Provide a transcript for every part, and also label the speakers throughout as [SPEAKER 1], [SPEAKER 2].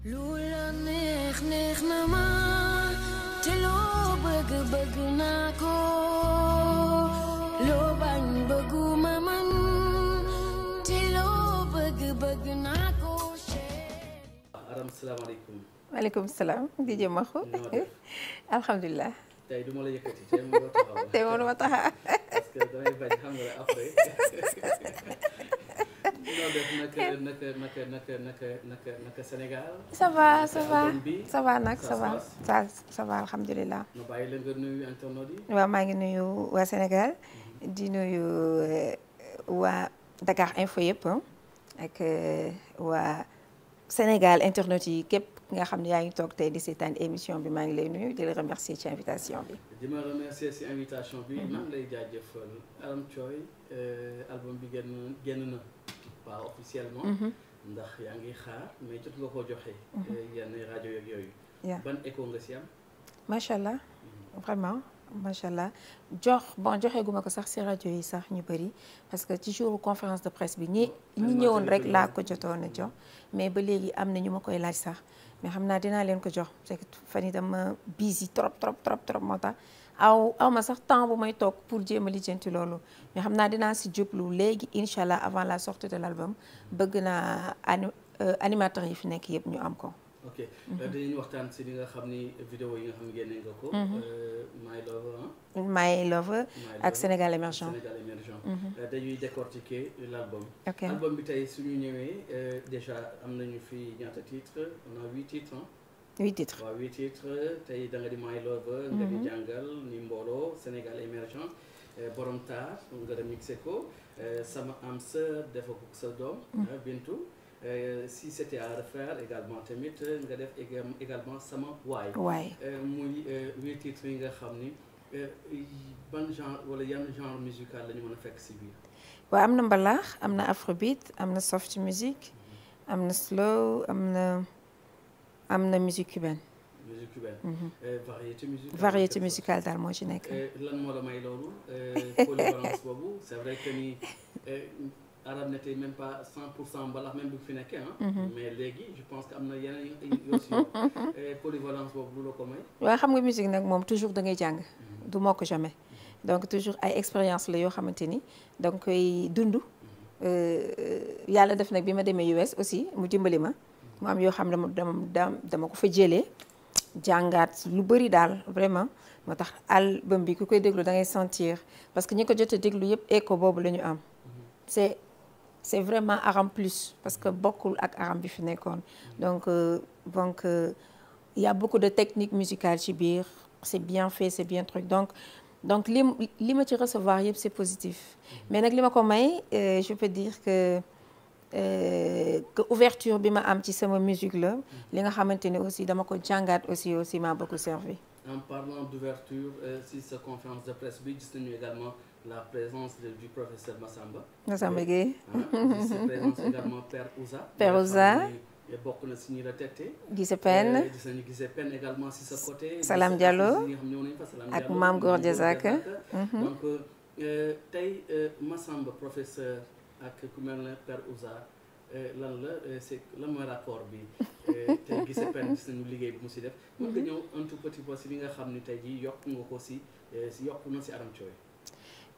[SPEAKER 1] lula neex neex na ma te loo bëgg bëgg naa ko loo bañ bëggu ma man te loo bëgg bëgg naa ko.
[SPEAKER 2] Aram salaamaaleykum.
[SPEAKER 1] maaleykum
[SPEAKER 3] salaam di jëm axu. alhamdulilah.
[SPEAKER 2] tey du ma la yëkkati tey ma taxaw. tey ma taxaw. parce que damay bañ xam nga après. naka naka naka naka naka Sénégal. ça va ça va ça va nag ça va ça
[SPEAKER 3] ça va alhamdulilah.
[SPEAKER 2] ma bàyyi leen nga nuyu internet yi. waaw
[SPEAKER 3] maa ngi nuyu waa senegal mhm. di nuyu euh, waa Dakar Info yëpp ak euh, waa Sénégal internet yi képp. nga xam ne yaa ngi toog tey di seetaan émission bi maa ngi lay nuyu di la remercier ci invitation bi.
[SPEAKER 2] di ma remercier ci invitation bi. Mhm. maa ngi lay jaajëfal Arame euh, Thioye album bi génn na. pas officiellement. ndax yaa ngi xaar mais jot nga koo joxe. Eh, yenn rajo yeeg ban écho nga si am.
[SPEAKER 3] macha allah mm. vraiment macha allah jox bon joxe guma ko sax si rajo yi sax ñu bëri parce que ci jour conférence de presse bi ñi ñi ñëwoon rek laa ko jotoon a mm. jox mais ba léegi am na ñu ma koy laaj sax mais xam naa dinaa leen ko jox parce que fan yi dama busy trop trop trop trop moo tax. aw aw ma sax temps bu may toog pour jéem a lijjanti loolu mais xam naa dinaa si jublu léegi incha allah avant la sortie de l' album bëgg naa ani euh, yi fi nekk yëpp ñu am ko.
[SPEAKER 2] ok euh, waxtaan si li nga xam ni vidéo yi nga xam ne génne nga ko. Mhm. Euh,
[SPEAKER 3] My Lover ak Sénégal émergent. Mhm.
[SPEAKER 2] dañuy décortiquer l'album. album bi tey suñu ñëwee déjà am nañu fi ñaata titres on a huit titres ah. huit titres tey da nga di may loo ba nga di mhm. jàngal ni mbooloo Sénégal émergent eh, borom nga dem mixé ko eh, sama am sa defa ko sa doom mhm. ah, bintu Euh, si c'était à refaire également tamit eh, nga def également sama waay. waay muy huit titres yi nga xam ni ban genre wala yan genre musical la ñu a fekk si biir.
[SPEAKER 3] waaw am na mbalaax am na afrobeat am na soft music mhm. am na slow am na musique cubaine.
[SPEAKER 2] musique cubaine. Mhm. Euh, variété musicale variété musicale moo ci nekk. Euh, lan moo la may loolu euh, boobu c'est vrai que ni arab n'était même pas 100% mbalax même fi nekkee ah. mais léegi je pense que am na yeneen yoo si polyvalence ko may. waaw xam
[SPEAKER 3] nga musique nag moom toujours da ngay jàng. Mhm. du ko jamais donc toujours ay expérience la yoo xamante ni da nga koy dund. yàlla def nag bi ma demee US aussi mu dimbali ma. mu am yoo xam ne dama dama ko fa jëlee jàngaat lu bëri daal vraiment moo tax album bi ku koy déglu da ngay sentir parce que ñi ko jot a déglu yëpp écho boobu la ñu am c'est c'est vraiment aram plus parce que bokkul ak aram bi fi nekkoon donc euh, donc euh, il y a de technique musicales ci biir c'est bien fait c'est bien truc donc donc li li ma ci recevoir yëpp c'est positif mais nag li ma ko may euh, je peux dire que euh, ouverture bi ma am ci sama musique la mm. li nga xamante ne aussi dama ko jàngaat aussi aussi m'a beaucoup servi
[SPEAKER 2] en parlant d'ouverture euh, si sa conférence de presse bi gis nañu également la présence du professeur Massamba Massamba Gueye ah, gis présence également Père Ouza Père Ouza eh, bokk na si ñi Pen eh, sa côté Salam Diallo ak Mame Gor Diazaka mm-hmm. donc euh, tey Massamba professeur ak ku mel ne Père Ousa eh, lan la eh, c'est lan mooy rapport bi eh, tey gise pen gis nañu liggéey bi mu si def mën nga mhm. ñëw un tout si li nga xam jii yokk nga ko si si yokk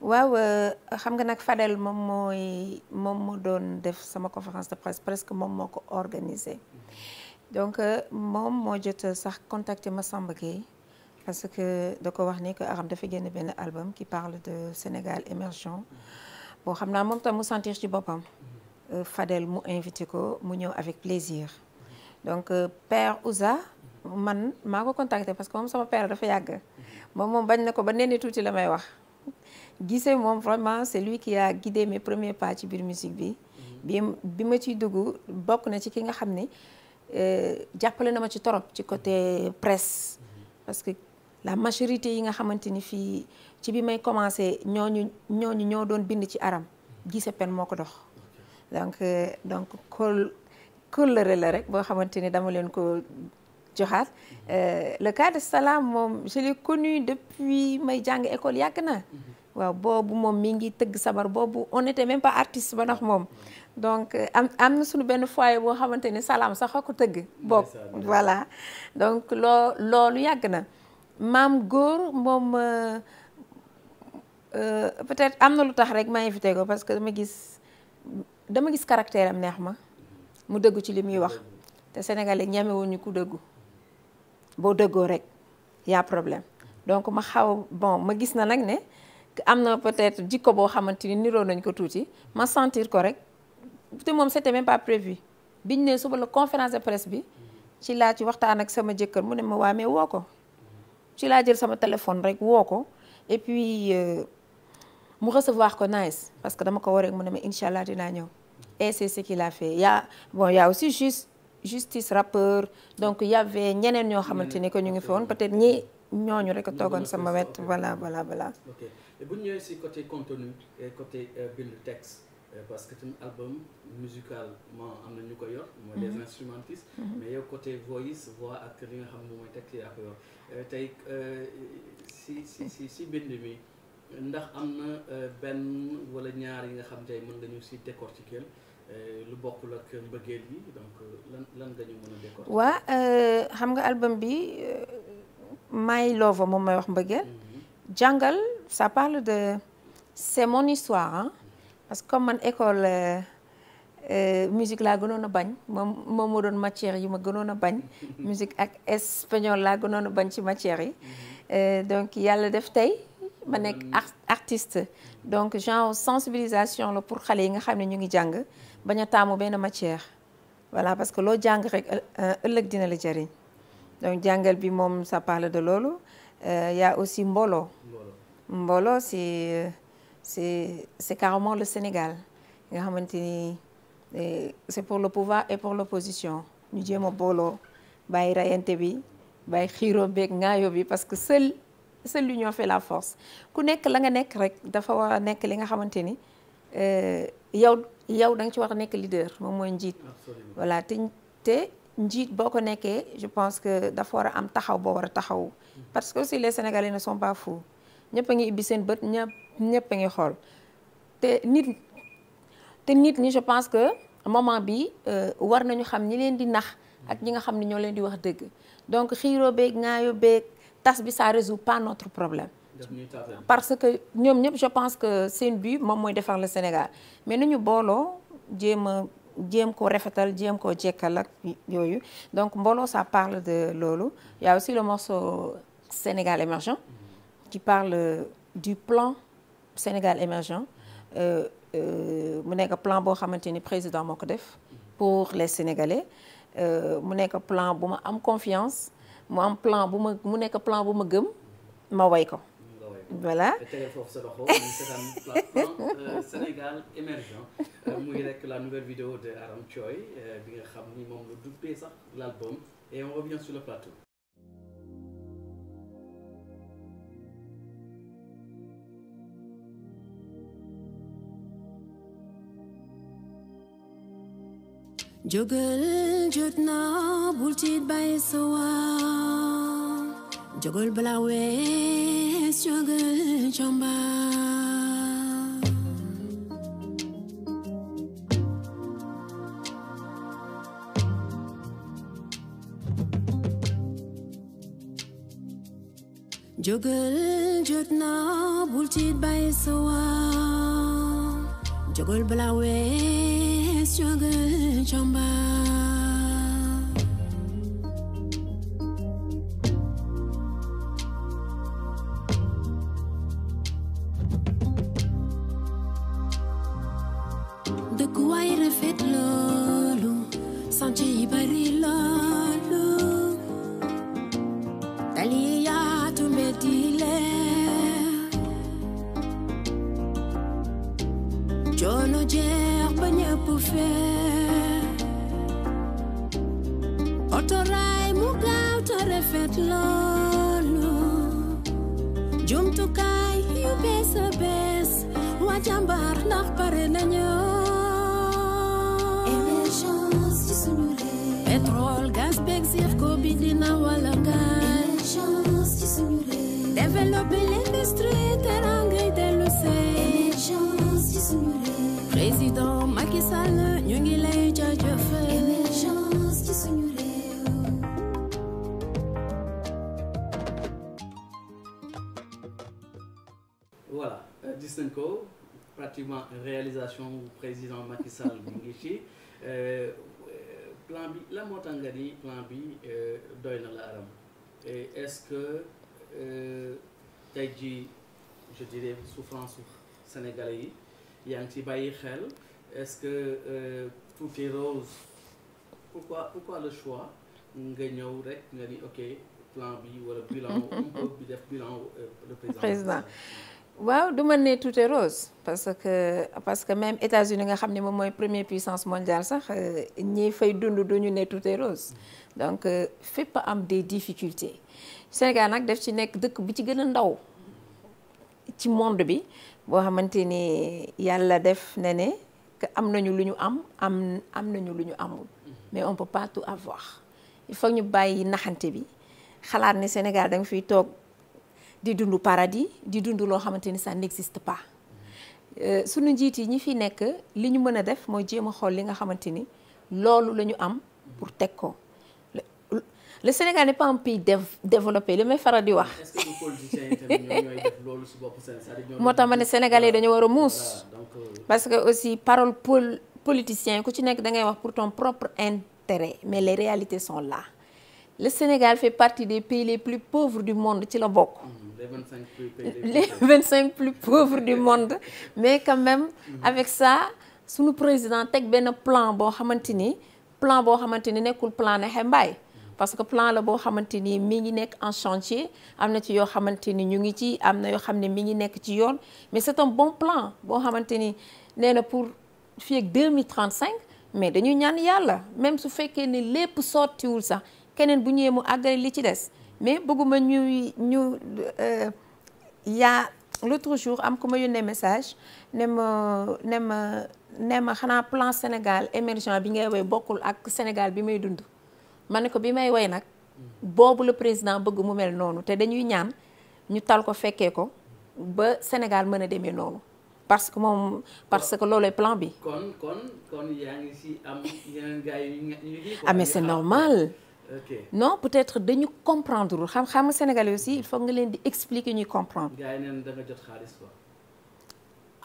[SPEAKER 3] waaw euh, xam nga nag Fadel moom mooy moom moo doon def sama conférence de presse presque moom moo ko organisé mhm. donc euh, moom moo jot sax ma Massamba Gueye parce que da ko wax ni que Aram dafa génn benn album qui parle de Sénégal émergent mhm. boo xam naa moom tam mu sentir ci boppam euh, Fadel mu invité ko mu ñëw avec plaisir donc euh, père Ouza man maa ko contacté parce que moom sama père dafa yàgg moom moom bañ na ko ba nenni tuuti la may wax gisee moom vraiment c'est lui qui a guidé premier pas ci biir musique bi bi bi ma ciy dugg bokk na ci ki nga xam ne euh, jàppale na ma ci torop ci côté presse parce que la majorité yi nga xamante ni fii ci bi may commencé ñooñu ñooñu ñoo doon bind ci aram gise pen moo ko dox donc donc kóol la rek boo xamante ni dama leen ko joxaat euh, le cas de Salam moom je l'ai connu depuis may jàng école yàgg na waaw boobu moom mii ngi tëgg sabar boobu on était même pas ba ndax moom donc am am na suñu benn foyer boo xamante ni salaam sax ako tëgg bokk voilà donc loo loolu yàgg na maam góor moom euh, Euh, peut-être am na lu tax rek ma invité ko parce que dama gis dama gis caractère am neex ma mu dëggu ci li muy wax te sénégalais ñemewuñu ko dëggu boo dëggoo rek y'a problème donc ma xaw bon ma gis na nag ne am na peut-être jikko boo xamante ni niroo nañ ko tuuti ma sentir ko rek te moom c'était même pas prévu biñ ne suba la conférence de presse bi ci laa ci waxtaan ak sama jëkkër mu ne ma waamee woo ko ci laa jël sama téléphone rek woo ko et puis. Euh, mu recevoir ko nice parce que dama ko war rek mu ne ma incha allah dinaa ñëw et c'est ce qu'il a fait y a bon y a aussi juste justice rappeur donc y avait ñeneen ñoo xamante ni que ñu ngi fi mm-hmm. peut-être ñi ñooñu rek a toogoon sama wet voilà voilà voilà.
[SPEAKER 2] bu ñu si côté contenu côté euh, bind texte euh, parce que tamit album musicalement am na ñu ko yor. mooy des mm-hmm. instrumentistes. Mm-hmm. mais yow côté voice voix ak li nga xam ne mooy texte yaa ko yor euh, tey si si bind mi. ndax am na euh, benn wala ñaar yi nga xam tey mën nga ñu si décortiquer euh, lu bokkul ak mbëggeel yi donc euh, lan lan nga ñu mën
[SPEAKER 3] a waa xam nga album bi My Love moom may wax mbëggeel. Mm-hmm. jàngal sa parle de c'est mon histoire mm-hmm. parce que comme man école musique laa gënoon a bañ moom moom moo doon matière yi ma gënoon a bañ. musique ak espagnol laa gënoon bañ ci matière yi. Mm-hmm. donc yàlla def tey. ba nekk euh, artiste donc genre sensibilisation la pour xale yi nga xam ne ñu ngi jàng bañ a taamu benn matière voilà parce que loo jàng rek euh, ëllëg dina la jëriñ donc jàngal bi moom sa parle de loolu euh, y a aussi mbooloo mbooloo c'est c'est c'est carrément le Sénégal nga xamante ni c'est pour le pouvoir et pour l'opposition ñu jéem a booloo bàyyi bi bàyyi xiiroo beeg ngaayo bi parce que seul seule l'union fait la force ku nekk la nga nekk rek dafa war a nekk li nga xamante ni euh, yow yow da nga ci war a nekk leader moom mooy njiit. voilà te te njiit boo ko nekkee je pense que dafa war a am taxaw boo war a taxaw. parce que aussi les sénégalais ne sont pas fous ñëpp a ngi ibbi seen bët ñëpp ñëpp a ngi xool te nit te nit je pense que moment bi euh, war nañu xam ñi leen di nax. ak ñi nga xam ne ñoo leen di wax dëgg donc xiiroo beeg ŋaayoo beeg. tas bi ça résout pas notre problème parce que ñoom ñëpp je pense que seen but moom mooy defar le Sénégal mais nañu booloo jéem a jéem ko rafetal jéem ko jekkal ak yooyu donc mbooloo ça parle de loolu y a aussi le morceau Sénégal émergent qui parle du plan Sénégal émergent euh, euh, mu nekk plan boo xamante ni président moo ko def pour les Sénégalais euh, mu nekk plan bu ma am confiance mu plan bu ma mu nekk plan bu ma gëm ma way ko voilà
[SPEAKER 2] euh, Sénégal émergent euh, muy rek la nouvelle vidéo de Aram Thioy euh, bi nga xam ni moom la dubbee sax l'album et on revient sur le plateau
[SPEAKER 1] jógal jot na bul tiit bàyyi sa waaw jógal balaa jot na bul tiit bàyyi sa waaw jógal struggle, Chamba. otoraay mu gaaw te loolu jumtukaay yu bees a bees waa jàmbaar ndax pare nañu émergence ci sunu wala ngaay émergence ci sunu réew développer l'industrie teranga dellu see émergence ci
[SPEAKER 2] ko pratiquement réalisation président Macky Sall ngi ci euh, plan bi la moo tax nga ni plan bi euh, doy na la aram et est-ce que euh, tey jii je dirais souffrance su yi yaa ngi ci bàyyi xel est-ce que euh, tout est rose pourquoi le choix nga ñëw rek nga ni ok plan bi wala bilan. un peu bi def bilan le
[SPEAKER 3] président. président. waaw du ma ne tout rose parce que parce que même États-Unis nga xam ne moom mooy première puissance mondiale sax euh, ñi fay dund duñu ne tout est rose donc euh, fépp am des difficultés Sénégal nag def ci nekk dëkk bu ci gën a ndaw ci monde bi boo xamante ni yàlla def ne ne que am nañu lu ñu am am am nañu lu ñu amul mais on peut pas tout avoir il ñu bàyyi naxante bi xalaat ni Sénégal da nga fiy toog. di dundu paradis di dund loo xamante ni ça n'existe pas euh, sunu njiit yi ñu fi nekk li ñu mën a def mooy jéem a xool li nga xamante ni loolu la ñu am pour teg ko le Sénégal n'est pas un pays développé li may faral di wax. moo tax ma ne sénégalais dañu war a muus. Euh, parce que aussi parole pol politicien ku ci nekk da ngay wax pour ton propre intérêt mais les réalités sont là. le Sénégal fait partie des pays les plus pauvres du monde ci la bokk.
[SPEAKER 2] Mm-hmm. les vingt cinq
[SPEAKER 1] plus pays
[SPEAKER 3] les vingt cinq pauvres du monde mais quand même. Mm-hmm. avec ça sunu président teg benn plan boo xamante ni plan boo xamante ni nekkul plan ne xembaay mm-hmm. parce que plan la boo xamante ni mi ngi nekk en chantier am na ci yoo xamante ni ñu ngi ci am na yoo xam ne mi ngi nekk ci yoon mais c'est un bon plan boo xamante ni nee na pour fii ak 2035 mais dañuy ñaan yàlla même su fekkee ni lépp sottiwul sax. keneen bu ñëwee mu àggale li ci des mais bëgguma ñuy ñu euh, yaa l'autre jour am ku ma yónnee message ne ma xanaa plan Sénégal émergent bi ngay woy bokkul ak Sénégal bi may dund ma ne ko bi may woy nag boobu la président bëgg mu mel noonu te dañuy ñaan ñu tal ko fekkee ko ba Sénégal mën a demee noonu parce que moom parce que loolooy plan bi.
[SPEAKER 2] kon kon ah, c'est normal.
[SPEAKER 3] Okay. non peut-être dañu comprendre xam xam nga Sénégalais aussi il faut nga leen di expliquer ñuy comprendre.
[SPEAKER 2] gars yi neen da nga jot xaalis quoi.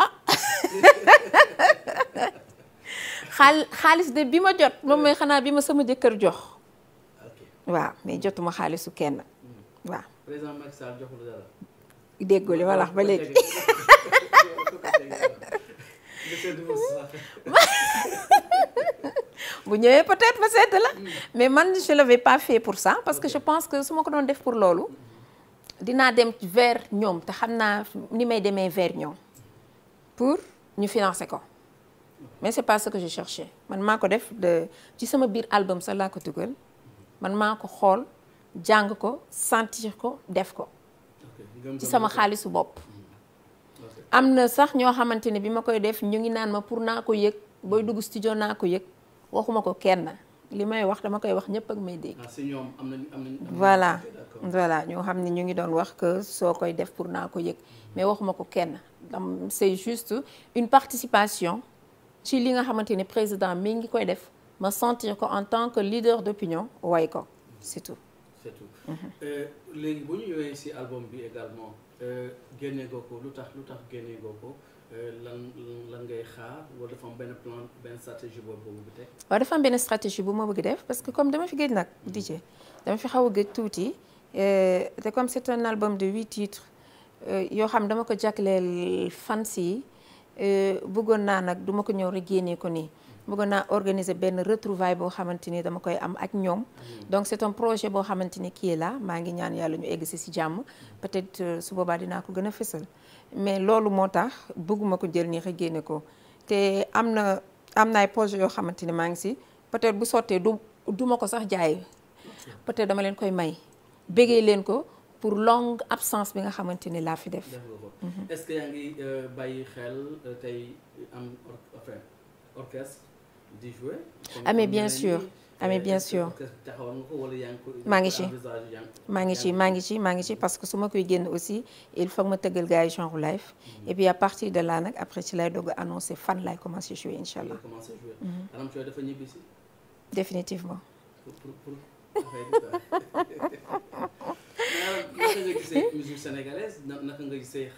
[SPEAKER 2] ah
[SPEAKER 3] xaal xaalis de bi ma jot moom mooy xanaa bi ma sama jëkkër jox. waaw mais jotuma xaalisu kenn hmm. waaw. déggoo li ma la ba léegi. bu ñëwee peut-être ba sedd la mm. mais man je l'avais pas fait pour ça parce que je pense que su ma ko doon def pour loolu dinaa dem vers ñoom te xam naa ni may demee vers ñoom pour ñu financer ko mais c'est pas que je cherchais man maa ko def de ci sama biir album sax laa ko dugal man maa ko xool jàng ko sentir ko def ko
[SPEAKER 2] ci sama xaalisu
[SPEAKER 3] bopp mm. am na sax ñoo xamante ne bi ma koy def ñu ngi naan ma pour naa ko yëg booy dugg studio naa ko yëg waxuma ko kenn li may wax dama koy wax ñëpp ak may dégg. Ah,
[SPEAKER 2] ñoom am nañu voilà
[SPEAKER 3] voilà ñoo xam ne ñu ngi doon wax que soo koy def pour naa ko yëg mais waxuma ko kenn dam c'est juste une participation ci li nga xamante ni président mi ngi koy def ma sentir ko en tant que leader d'opinion woy ko surtout c'est tout. Mhm.
[SPEAKER 2] Euh, léegi bu ñu ñëwee si album bi également euh, génne goo ko lu tax lu tax génne goo ko euh, la lan ngay xaar wala dafa am benn plan benn stratégie boobu bu teg.
[SPEAKER 3] waaw dafa am benn stratégie bu ma bëgg def parce que comme dama fi géej nag mhm. DJ dama fi xaw a géej tuuti te comme c'est un album de huit titres yoo xam dama ko jagleel fans yi bëggoon naa nag duma ko ñëw rek génnee ko nii. bëggoon naa organiser benn retrouvaille boo xamante ni dama koy am ak ñoom mm. donc c'est un projet boo xamante ni kii laa maa ngi ñaan yàlla ñu egg si si jàmm peut-être euh, su boobaa dinaa ko gën a fësal mais loolu moo tax bëgguma ko jël nii xëy génne ko te am na am na ay projet yoo xamante ni maa ngi si peut-être bu sottee du duma ko sax jaay peut-être dama leen koy may bégee leen ko pour longue absence bi nga xamante ni laa fi def.
[SPEAKER 2] Mhm. est-ce que yaa euh, di jouer. ah mais bien sûr ah euh, bien sûr. maa ngi ci
[SPEAKER 3] maa ngi ci maa ngi ci maa ngi ci parce que su ma koy génn aussi il faut ma tëggal gars yi genre live. Mm-hmm. et puis à de la nag après ci lay doog a fan laay commencé jouer incha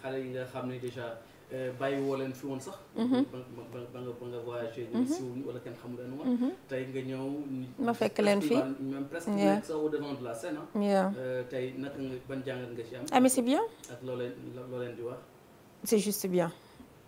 [SPEAKER 2] allah. Euh, bàyyi woo leen fi woon sax. Mhm. ba nga ba nga ba nga voyagé. ñu siiwuñu ma fekk leen fii même presque nekk la scène ah. tey naka nga ban jàngat nga ci am. ah mais bien. ak loo
[SPEAKER 3] leen di wax. c'est juste bien.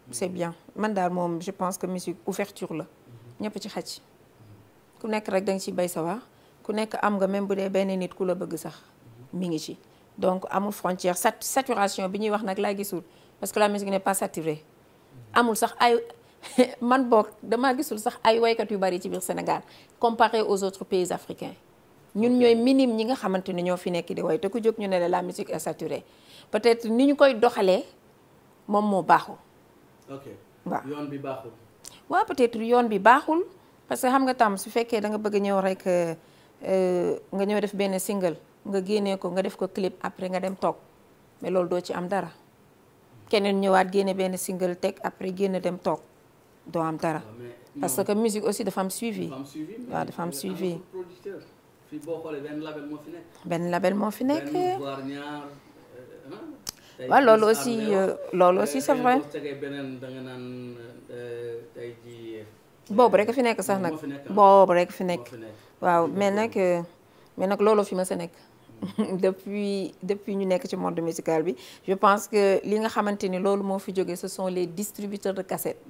[SPEAKER 3] Mm. c'est bien man daal moom je pense que musique ouverture la. Mm-hmm. ñëpp ci xaj. Mm-hmm. ku nekk rek danga ci bay sa wax ku nekk am nga même bu dee benn nit ku la bëgg sax mm-hmm. mi ngi ci donc amul frontière saturation bi ñuy wax nag laa gisul. parce que la musique n'est pas saturée amul sax ay man boog damaa gisul sax ay waykat yu bari ci biir Sénégal comparé aux autres pays africains ñun ñooy minime ñi nga xamante ni ñoo fi nekk di way te ku jóg ñu ne la la musique est saturée peut-être ni ñu koy doxalee moom moo baaxul.
[SPEAKER 2] ok waaw yoon bi baaxul.
[SPEAKER 3] waaw peut-être yoon bi baaxul parce que xam nga tam su fekkee danga nga bëgg ñëw rek euh, nga ñëw def benn single nga génnee ko nga def ko clip après nga dem toog mais loolu doo ci am dara. keneen ñëwaat génne benn single teg après génn dem toog doo am dara ah, parce que musique aussi dafa am suivi waaw dafa am suivi
[SPEAKER 2] benn label moo fi nekk euh, ah. loolu aussi euh, loolu aussi c'est euh, vrai
[SPEAKER 3] boobu rek fi nekk sax nag ah. boobu rek fi nekk waaw mais nag mais nag looloo fi ma si nekk depuis depuis ñu nekk ci monde musical bi je pense que li nga xamante ni loolu moo fi jógee ce son les distributeurs de cassettes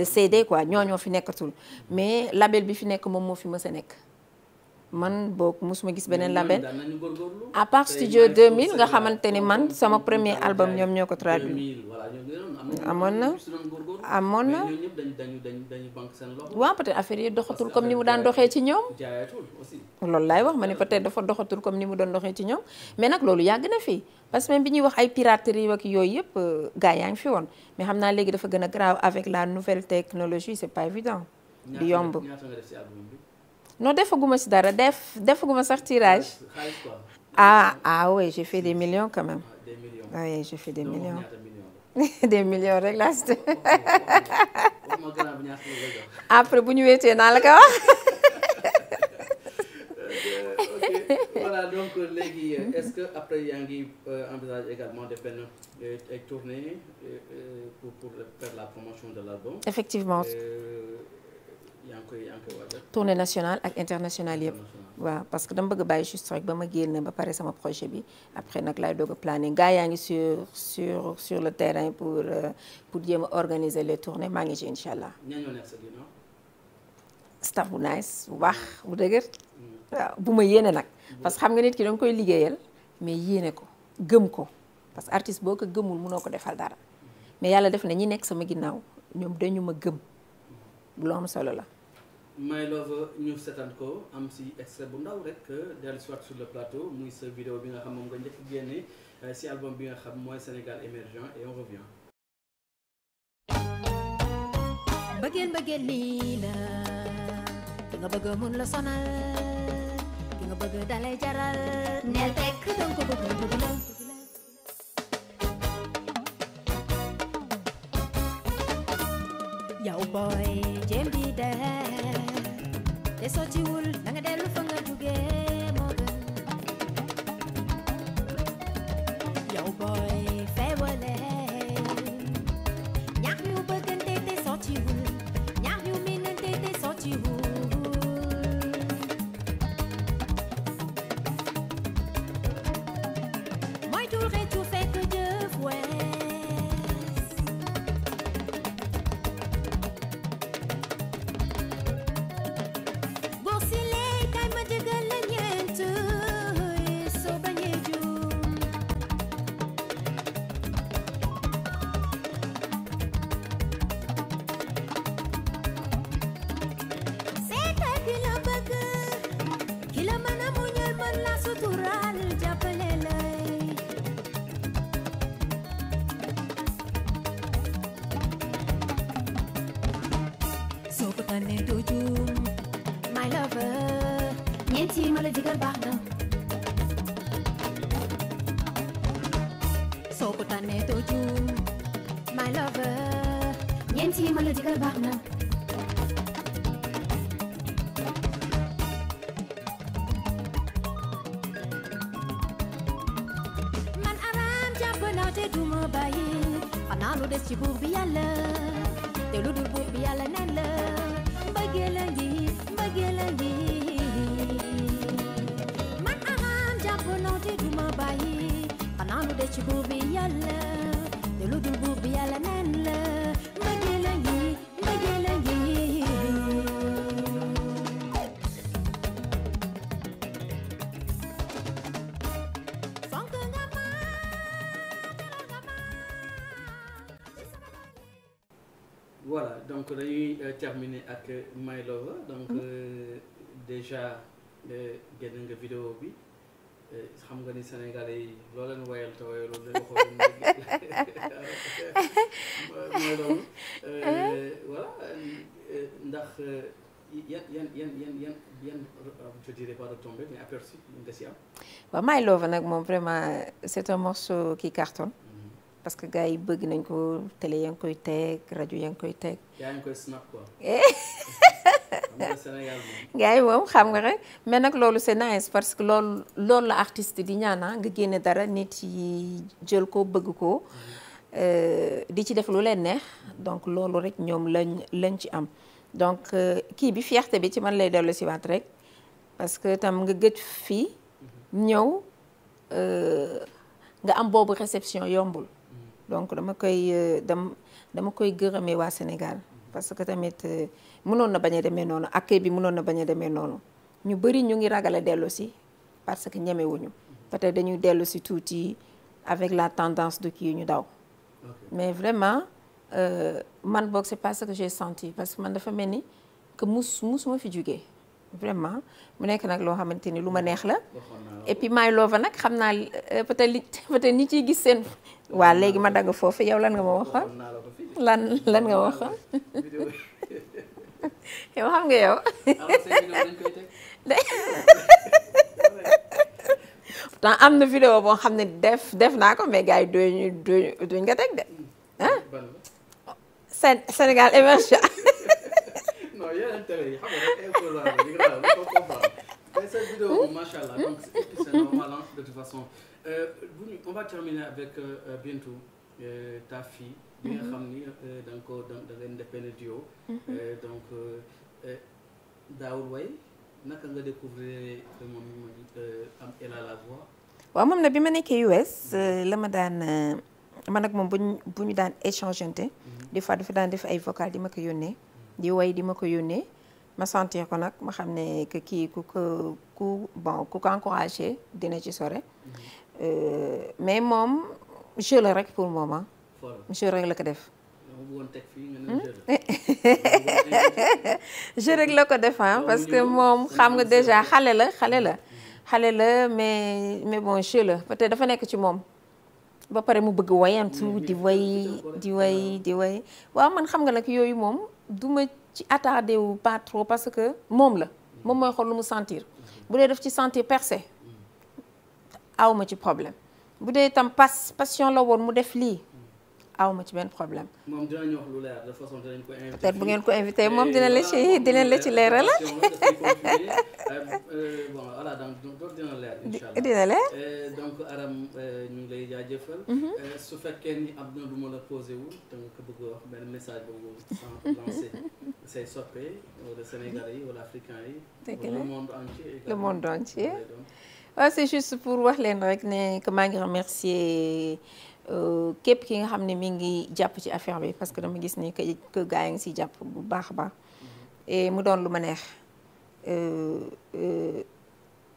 [SPEAKER 3] de CD quoi ñoo ñoo fi nekkatul mais label bi fi nekk moom moo fi mës a nekk man boog musuma gis beneen label à part studio mille nga xamante ni man sama premier album ñoom ñoo ko traduit amoon na amoon na waaw peut-être affaire yi doxatul comme ni mu daan doxee ci ñoom loolu laay wax ma ne peut-être dafa doxatul comme ni mu doon doxee ci ñoom mais nag loolu yàgg na fi parce que même bi ñuy wax ay piraterie ak yooyu yëpp euh, gars yaa ngi fi woon mais xam naa léegi dafa gën a grave avec la nouvelle technologie c'est pas évident di yomb non defaguma si dara def defaguma sax tirage. ah ah oui j'ai ah, rek laa si après bu ñu wéetee naa la ko wax. Euh,
[SPEAKER 2] voilà donc euh, léegi euh, est-ce que après yaa ngi envisage également de benn ay tournée pour pour faire la promotion de l'album. effectivement. Euh, yaa ngi koy tournée
[SPEAKER 3] nationale ak internationale yëpp. waaw parce que dama bëgg bàyyi juste rek ba ma génn ba pare sama projet bi après nag lay doog a plané gars yaa ngi sur sur sur le terrain pour euh, pour jéem a organiser les tournées maa ngi ci incha allah. ñooñu nekk sa ginnaaw. bu nice bu baax bu dëgër. Mm. waaw bu ma yéene nag. parce que xam nga nit ki da koy liggéeyal mais yéene ko gëm ko parce que artiste boo ko gëmul munoo ko defal dara mm. mais yàlla def na ñi nekk sama ginnaaw ñoom dañu ma gëm. solo la.
[SPEAKER 2] My Lover ko am si extrait bu ndaw rek dellu si sur le plateau muy sa vidéo xam moom nga njëkk génne euh, bi nga xam mooy Sénégal émergent et on revient.
[SPEAKER 1] mbëggeel mbëggeel lii la ki nga mun la sonal ki nga dalay jaral neel tekk danga ko bëgg bëgg la yow booy jéem bi dee te sottiwul da nga dellu fa nga jugee moo gën yow booy feebale ñax yu bëggante te sottiwul ñax yu miinante te sottiwul yi ma la digal baax na soo ko tànnee doo juum my lover ñeent yi ma la digal baax na man aram jàpp naa te du ma bàyyi xanaa lu des ci buur bi yàlla te lu dul buur bi yàlla nen la mbëggeel a ngi mbëggeel a ngi ci la mbëggeel a ngi mbëggeel
[SPEAKER 2] donc dañuy euh, terminer ak My donc mm-hmm. euh, déjà euh, génn nga vidéo bi xam nga ni Sénégalais yi loo leen loolu ah. euh, voilà euh, ndax euh, yan yan yan yan yan yan je dirais pas retombé mais aperçu nga si
[SPEAKER 3] am. Love nag moom vraiment c'est un morceau qui cartonne. Mhm. parce que gars yi bëgg nañ ko télé yaa ngi koy teg rajo yaa ngi koy teg.
[SPEAKER 2] yaa ngi snap quoi.
[SPEAKER 3] gars yi moom xam nga rek mais nag loolu c'est parce que loolu loolu la artiste di ñaana ah, nga génne dara nit yi jël ko bëgg ko mm-hmm. euh, di ci def lu leen neex donc loolu rek ñoom lañ lañ ci am donc euh, kii bi fiexte bi ci man lay dellu si waat rek parce que tam nga gëj fii mm-hmm. ñëw euh, nga am boobu réception yombul mm-hmm. donc dama koy dam dama koy gërëmee waa Sénégal parce que tamit euh, mënoon na bañ a demee noonu accueil bi mënoon na bañ a demee noonu ñu bëri ñu ngi ragal a dellu si parce que ñemewuñu parce que dañuy dellu si tuuti avec la tendance de kii ñu daw mais vraiment euh, man boog c'est pas ce que j'ai senti parce que man dafa mel ni que mus musuma fi jugee vraiment mu nekk nag loo xamante ni lu ma neex la et puis maay nag xam naa euh, peut-être li peut ñi ciy gis seen waa léegi ma dagg foofu yow lan nga ma waxoon lan lan nga ma waxoon yow xam nga yow ah, pourtant am na vidéo boo xam ne def def naa ko mais gars yi duñu duñ nga teg de ah Sénégal émergent
[SPEAKER 2] non yeneen télé yi xam nga façon euh, bu ñu on va terminer avec euh, euh, Bintou ta bi nga mhm. xam ni da nga koo da ngeen dépendre mhm. donc Daoud Way naka nga découvrir moom mi am El la voix.
[SPEAKER 3] waaw moom na bi ma nekkee US la ma daan. man ak moom bu ñu daan échangeante. Mhm. des fois dafa daan def ay vocal di ma ko yónnee. di way di ma ko yónnee. ma sentir ko nag ma xam ne que kii ku ko ku bon ku ko encouragé dina ci sore mhm. euh, mais moom jeu rek pour moment ah. jeu rek la ko def
[SPEAKER 2] hmm?
[SPEAKER 3] jeu la ko def ah parce que moom xam nga déjà xale la xale la xale la mais mais bon jeu la peut-être dafa nekk ci moom ba pare mu bëgg wayantu mm-hmm. di way di way di way waaw man xam nga nag yooyu moom duma ci attardé wu pas parce que moom la moom mooy xool lu mu sentir bu dee def ci sentir percé awma ci problème bu dee itam pas passion la woon mu def lii aw ma ci benn problème.
[SPEAKER 2] moom dinañ wax lu leer de façon dinañ ko invité. peut-être bu ngeen ko invité moom dina la ci dina la ci leeral. Euh, euh, bon voilà donc dina leer dina leer. Euh, donc Aram ñu lay jaajëfal. Mhm. su fekkee ni am lu ma la posé wu donc bëgg wax benn message boobu sans lancer say soppe wala Sénégalais yi wala africains yi. la monde entier. le monde entier
[SPEAKER 3] waaw c'est juste pour wax leen rek ne que maa remercier. Euh, képp ki nga xam ne mi ngi jàpp ci affaire bi parce que dama gis ni que gaa yi ngi siy jàpp bu baax a mu doon lu ma neex euh, euh,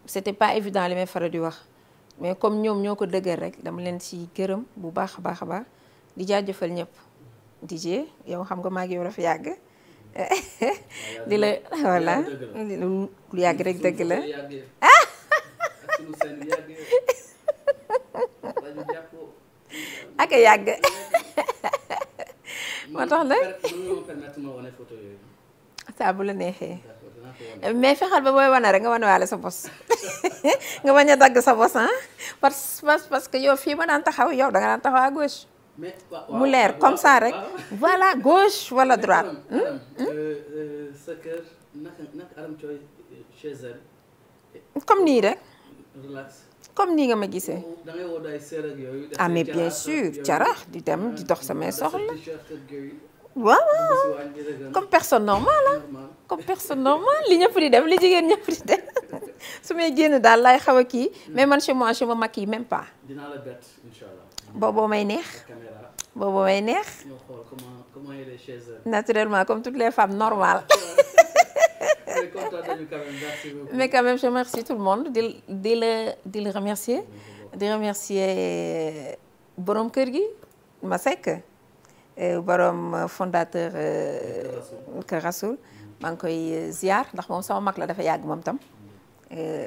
[SPEAKER 3] c'était pas évident li may faral di wax mais comme ñoom ñoo ko dëggal rek dama leen ci gërëm bu baax a baax a baax di jaajëfal ñëpp. DJ yow xam nga maa ngi yow dafa yàgg di la voilà lu yàgg rek dëgg la
[SPEAKER 1] ah!
[SPEAKER 3] ak a yàgg moo tax la saa bu la neexee mais fexeel ba booy wane rek nga wane wale sa bos nga bañ a dagg sa bos ah parce parce parce que yow fii ma daan taxaw yow da nga daan taxaw à gauche mu leer comme ça rek voilà gauche wala droite comme nii rek comme nii nga ma gisee.
[SPEAKER 2] ah mais bien sûr carax di dem di dox samay soxla.
[SPEAKER 3] waaw comme personne normale ah comme personne normale li ñëpp di def li jigéen ñëpp di def su may génn daal lay xaw a kii hmm. mais man chez moi je kii maquille même pas.
[SPEAKER 2] dinaa la bett inchallah.
[SPEAKER 3] booboo may neex. booboo may neex.
[SPEAKER 2] naturellement
[SPEAKER 3] comme toutes les femmes normales.
[SPEAKER 2] mais kontaan nañu merci beaucoup. mais
[SPEAKER 3] quand tout le monde di di la di la remercier. di remercier euh, borom kër gi ma sekk euh, borom fondateur. Euh, kër Rasoul maa ngi koy ziar ndax moom sama mag la dafa yàgg moom tam.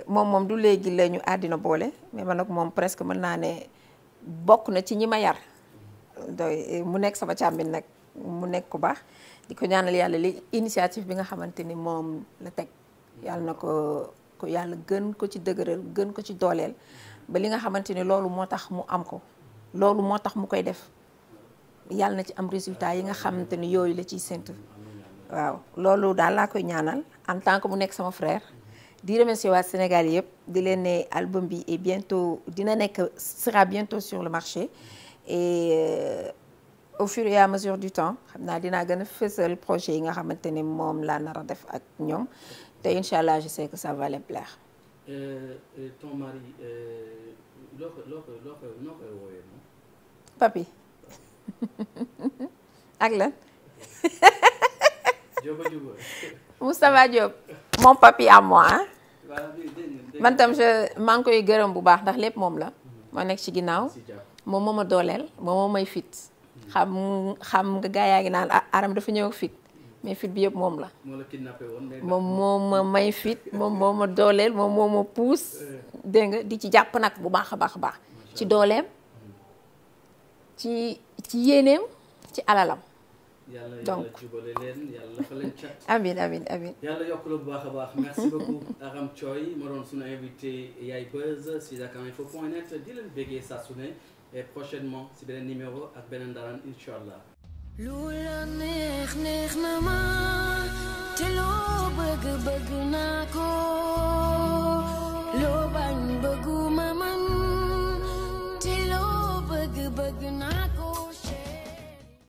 [SPEAKER 3] moom moom du léegi la ñu àddina boole mais man nag moom presque mën naa ne bokk na ci ñi ma yar. doy mu nekk sama càmmiñ nag mu nekk ku baax. di ko ñaanal yàlla li initiative bi nga xamante ni moom la teg yàlla na ko ko yàlla gën ko ci dëgëral gën ko ci dooleel ba li nga xamante ni loolu moo tax mu am ko loolu moo tax mu koy def yàlla na ci am résultat yi nga xamante ni yooyu la ciy séntu waaw loolu daal laa koy ñaanal en tant que mu nekk sama frère di remercier waat Sénégal yëpp di leen ne album bi et bientôt dina nekk sera bientôt sur le marché euh, au fur et à mesure du temps xam naa dinaa gën a fësal projet yi nga xamante ni moom laa nara def ak ñoom te incha allah je sais que ça va les plaire. papi ak lan. Diop Moustapha Diop. papi à moi ah. man tam je maa ngi koy gërëm bu baax ndax lépp moom la. Mm-hmm. moo nekk ci ginnaaw. moom moo ma dooleel moom moo may fit. xam xam nga gaa yaa ngi naan ah, aram dafa ñëw ak fit mais fit bi yëpp moom la.
[SPEAKER 2] moo la kidnappé moom moo
[SPEAKER 3] ma may fit moom moo ma dooleel moom moom ma puus. Eh. dégg nga di ci jàpp nag bu baax a baax a baax. ci dooleem ci ci yéeneem ci alalam.
[SPEAKER 2] yàlla yàlla jubale leen yàlla fa leen cat. amin amin amin yàlla yokk a baax. et prochainement si beneen numéro ak beneen daraan incha allah.
[SPEAKER 1] lu la neex neex na ma te loo bëgg bëgg naa ko loo bañ bëgguma man te loo bëgg bëgg naa